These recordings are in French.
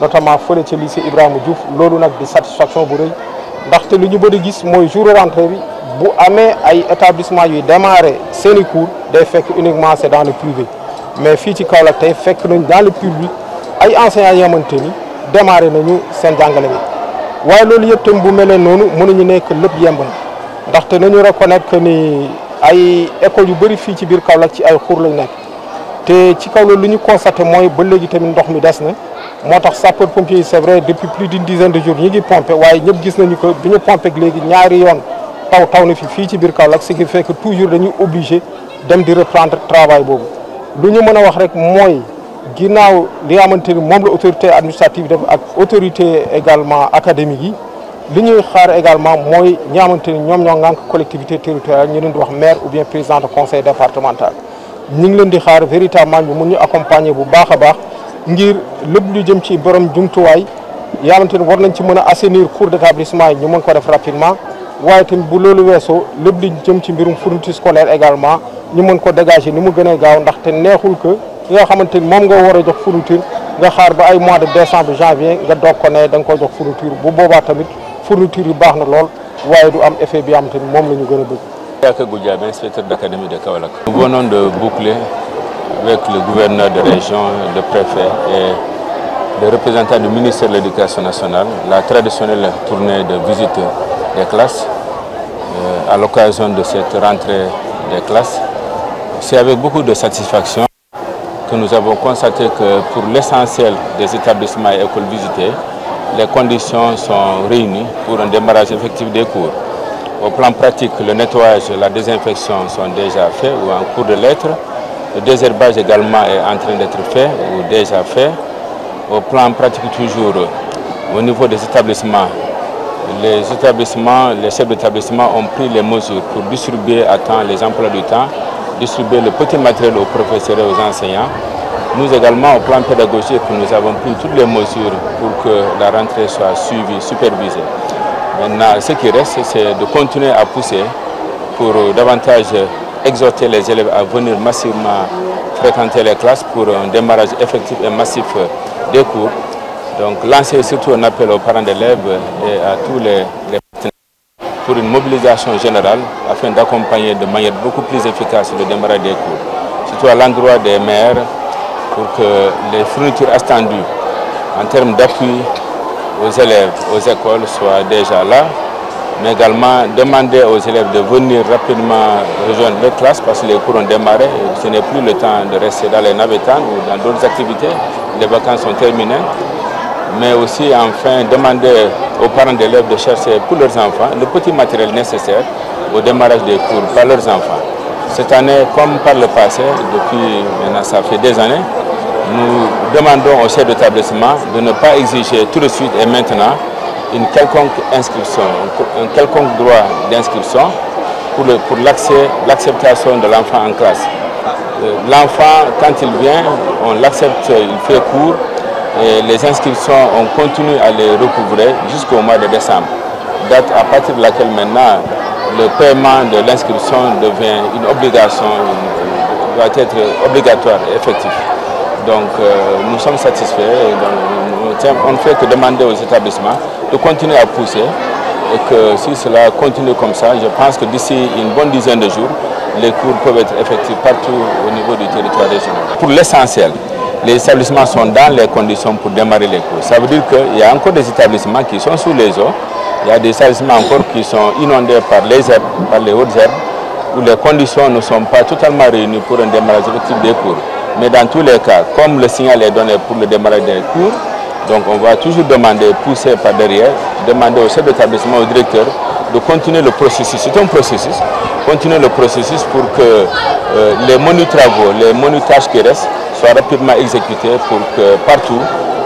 notamment fële ci lycée Ibrahima Diouf lolu nak di satisfaction bu rëy ndax te luñu bëri gis moy jour rentrée bi bu amé ay établissement yu démarrer seen cours day fekk uniquement c'est dans le privé mais fi ci Kaolack tay fekk nañ dans le public ay enseignants yamanteni ni démarrer nañu seen jangale bi waaye lolu yëpp tam bu melee noonu mënuñu nekk lepp yemb na te nañu reconnaître que ni ay école yu bëri fi ci biir Kaolack ci ay xur lañ nekk té ci kaw loolu lu ñu constaté mooy ba légui tamit ndox mi dess na moo sapeur pompier c'est vrai depuis plus d'une dizaine de jours ñi ngi pompé waye ñëpp gis nañu ko biñu ñu pompé ak ñaari yoon taw taw na fi fii ci biir Kaolack ce qui fait que toujours dañu obligé dem di reprendre travail bobu luñu mëna wax rek moy ginaaw li nga mom la autorité administrative def ak autorité également académique yi li ñuy xaar également mooy ñi xamante ni ñoom ñoo ngànk collectivité territoriale ñu leen di wax maire ou bien président de conseil départemental ñu ngi leen di xaar véritablement ñu mun ñu accompagner bu baax a baax ngir lepp lu jëm ci borom war assainir cours d'établissement ñu le rapidement nous bu lolu lepp jëm ci scolaire également ñu dégager ni mu gëna ndax Nous neexul que fourniture nga mois de décembre janvier nga fourniture bu fourniture baax na lool du am effet bi de de avec le gouverneur de région, le préfet et les représentants du ministère de l'Éducation nationale, la traditionnelle tournée de visite des classes euh, à l'occasion de cette rentrée des classes. C'est avec beaucoup de satisfaction que nous avons constaté que pour l'essentiel des établissements et écoles visités, les conditions sont réunies pour un démarrage effectif des cours. Au plan pratique, le nettoyage et la désinfection sont déjà faits ou en cours de lettres. Le désherbage également est en train d'être fait ou déjà fait. Au plan pratique toujours, au niveau des établissements, les établissements, les chefs d'établissement ont pris les mesures pour distribuer à temps les emplois du temps, distribuer le petit matériel aux professeurs et aux enseignants. Nous également, au plan pédagogique, nous avons pris toutes les mesures pour que la rentrée soit suivie, supervisée. Maintenant, ce qui reste, c'est de continuer à pousser pour davantage exhorter les élèves à venir massivement fréquenter les classes pour un démarrage effectif et massif des cours. Donc lancer surtout un appel aux parents d'élèves et à tous les, partenaires pour une mobilisation générale afin d'accompagner de manière beaucoup plus efficace le démarrage des cours, surtout à l'endroit des maires pour que les fournitures attendues en termes d'appui aux élèves, aux écoles soient déjà là mais également demander aux élèves de venir rapidement rejoindre leur classe parce que les cours ont démarré. ce n'est plus le temps de rester dans les navettes ou dans d'autres activités. Les vacances sont terminées. Mais aussi, enfin, demander aux parents d'élèves de chercher pour leurs enfants le petit matériel nécessaire au démarrage des cours par leurs enfants. Cette année, comme par le passé, depuis maintenant ça fait des années, nous demandons aux chefs d'établissement de ne pas exiger tout de suite et maintenant une quelconque inscription, un quelconque droit d'inscription pour l'acceptation pour de l'enfant en classe. Euh, l'enfant, quand il vient, on l'accepte, il fait cours et les inscriptions, on continue à les recouvrer jusqu'au mois de décembre, date à partir de laquelle maintenant le paiement de l'inscription devient une obligation, doit être obligatoire et effectif. Donc euh, nous sommes satisfaits. Et on ne fait que demander aux établissements de continuer à pousser et que si cela continue comme ça, je pense que d'ici une bonne dizaine de jours, les cours peuvent être effectués partout au niveau du territoire régional. Pour l'essentiel, les établissements sont dans les conditions pour démarrer les cours. Ça veut dire qu'il y a encore des établissements qui sont sous les eaux, il y a des établissements encore qui sont inondés par les herbes, par les hautes herbes, où les conditions ne sont pas totalement réunies pour un démarrage effectif des cours. Mais dans tous les cas, comme le signal est donné pour le démarrage des cours, donc on va toujours demander, pousser par derrière, demander au chef d'établissement, au directeur, de continuer le processus. C'est un processus. Continuer le processus pour que euh, les menus travaux, les menus qui restent, soient rapidement exécutés pour que partout,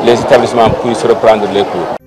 les établissements puissent reprendre les cours.